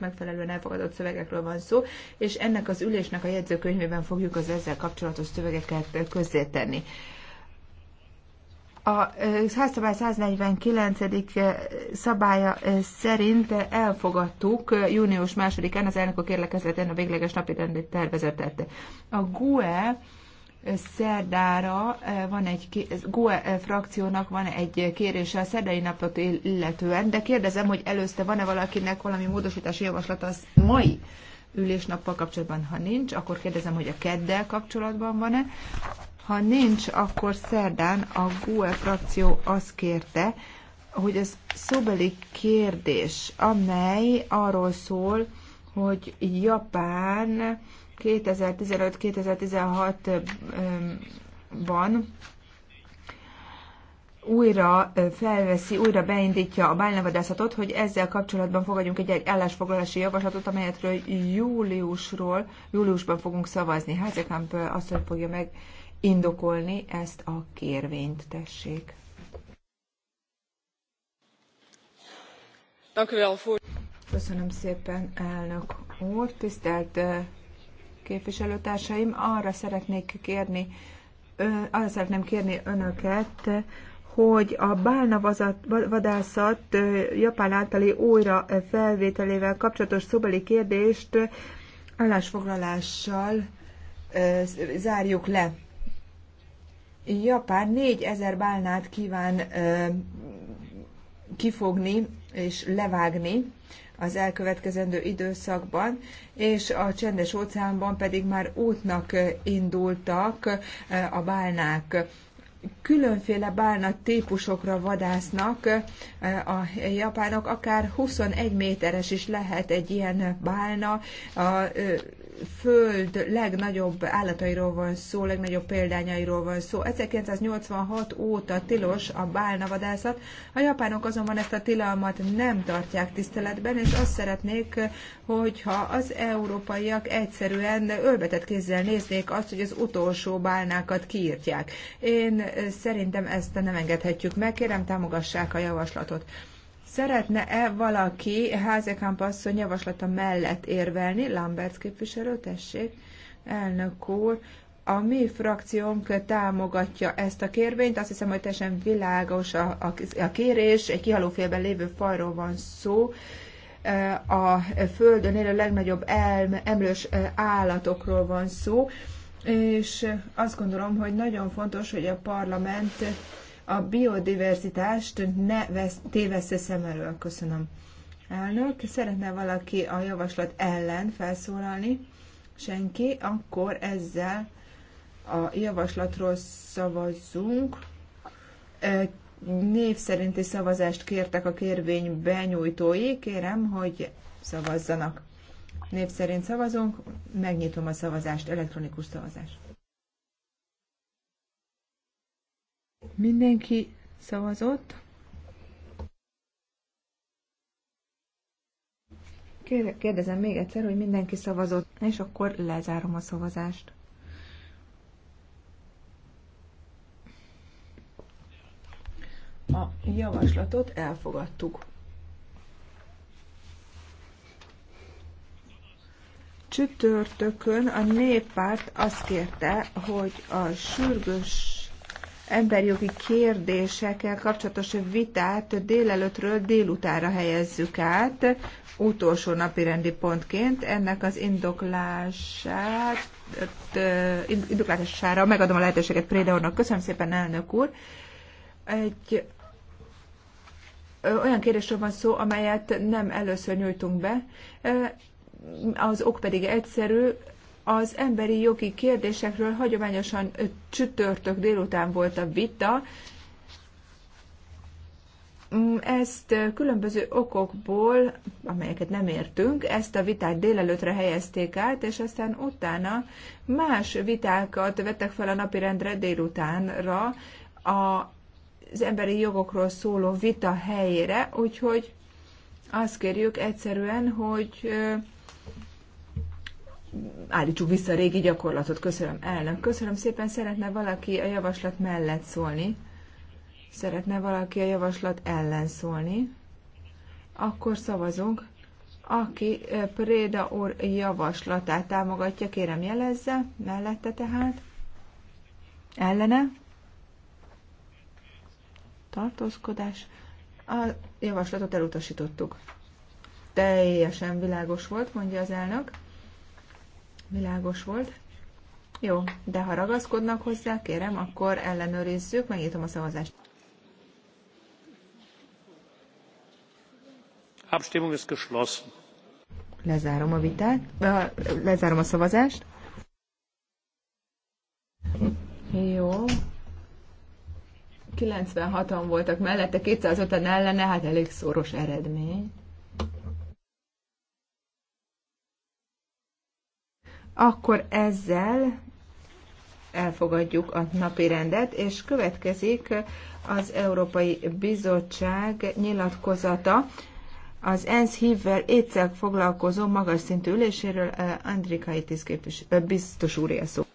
megfelelően elfogadott szövegekről van szó, és ennek az ülésnek a jegyzőkönyvében fogjuk az ezzel kapcsolatos szövegeket közzétenni. A házszabály 149. szabálya szerint elfogadtuk június másodikán az elnökök érlekezletén a végleges napi rendet tervezetet. A GUE szerdára eh, van egy, GUE eh, frakciónak van egy kérése a szerdai napot illetően, de kérdezem, hogy előzte van-e valakinek valami módosítási javaslat az mai ülésnappal kapcsolatban, ha nincs, akkor kérdezem, hogy a keddel kapcsolatban van-e. Ha nincs, akkor szerdán a GUE frakció azt kérte, hogy ez szóbeli kérdés, amely arról szól, hogy Japán 2015-2016-ban újra felveszi, újra beindítja a bányavadászatot, hogy ezzel kapcsolatban fogadjunk egy állásfoglalási javaslatot, amelyetről júliusról, júliusban fogunk szavazni. Házekamp asszony fogja meg indokolni ezt a kérvényt, tessék. Köszönöm szépen, elnök úr. Tisztelt képviselőtársaim, arra szeretnék kérni, arra szeretném kérni önöket, hogy a bálna vadászat Japán általi újra felvételével kapcsolatos szobeli kérdést állásfoglalással zárjuk le. Japán 4000 bálnát kíván kifogni és levágni az elkövetkezendő időszakban, és a csendes óceánban pedig már útnak eh, indultak eh, a bálnák. Különféle bálna típusokra vadásznak eh, a japánok, akár 21 méteres is lehet egy ilyen bálna. A föld legnagyobb állatairól van szó, legnagyobb példányairól van szó. 1986 óta tilos a bálnavadászat. A japánok azonban ezt a tilalmat nem tartják tiszteletben, és azt szeretnék, hogyha az európaiak egyszerűen ölbetett kézzel néznék azt, hogy az utolsó bálnákat kiírtják. Én szerintem ezt nem engedhetjük meg, kérem támogassák a javaslatot. Szeretne-e valaki Házekamp asszony javaslata mellett érvelni? Lambert képviselő, tessék, elnök úr. A mi frakciónk támogatja ezt a kérvényt. Azt hiszem, hogy teljesen világos a, a, a kérés. Egy kihalófélben lévő fajról van szó e, a Földön élő legnagyobb elm, emlős e, állatokról van szó, és azt gondolom, hogy nagyon fontos, hogy a parlament a biodiverzitást ne tévessze szem elől. Köszönöm. Elnök, szeretne valaki a javaslat ellen felszólalni? Senki? Akkor ezzel a javaslatról szavazzunk. Név szerinti szavazást kértek a kérvény benyújtói. Kérem, hogy szavazzanak. Név szerint szavazunk, megnyitom a szavazást, elektronikus szavazást. Mindenki szavazott. Kérdezem még egyszer, hogy mindenki szavazott, és akkor lezárom a szavazást. A javaslatot elfogadtuk. Csütörtökön a néppárt azt kérte, hogy a sürgős emberjogi kérdésekkel kapcsolatos vitát délelőttről délutára helyezzük át, utolsó napi rendi pontként. Ennek az indoklását, indoklására megadom a lehetőséget Préda úrnak. Köszönöm szépen, elnök úr. Egy olyan kérdésről van szó, amelyet nem először nyújtunk be, az ok pedig egyszerű, az emberi jogi kérdésekről hagyományosan csütörtök délután volt a vita. Mm, ezt különböző okokból, amelyeket nem értünk, ezt a vitát délelőtre helyezték át, és aztán utána más vitákat vettek fel a napirendre délutánra az emberi jogokról szóló vita helyére, úgyhogy azt kérjük egyszerűen, hogy állítsuk vissza a régi gyakorlatot. Köszönöm, elnök. Köszönöm szépen. Szeretne valaki a javaslat mellett szólni? Szeretne valaki a javaslat ellen szólni? Akkor szavazunk. Aki Préda úr javaslatát támogatja, kérem jelezze, mellette tehát. Ellene? Tartózkodás. A javaslatot elutasítottuk. Teljesen világos volt, mondja az elnök. Világos volt. Jó, de ha ragaszkodnak hozzá, kérem, akkor ellenőrizzük, megnyitom a szavazást. Abstimmung ist geschlossen. Lezárom a vitát, lezárom a szavazást. Jó. 96-an voltak mellette, 205-en ellene, hát elég szoros eredmény. akkor ezzel elfogadjuk a napi rendet, és következik az Európai Bizottság nyilatkozata az ENSZ hívvel étszel foglalkozó magas szintű üléséről eh, Andrikai képvis, eh, biztos úr szó.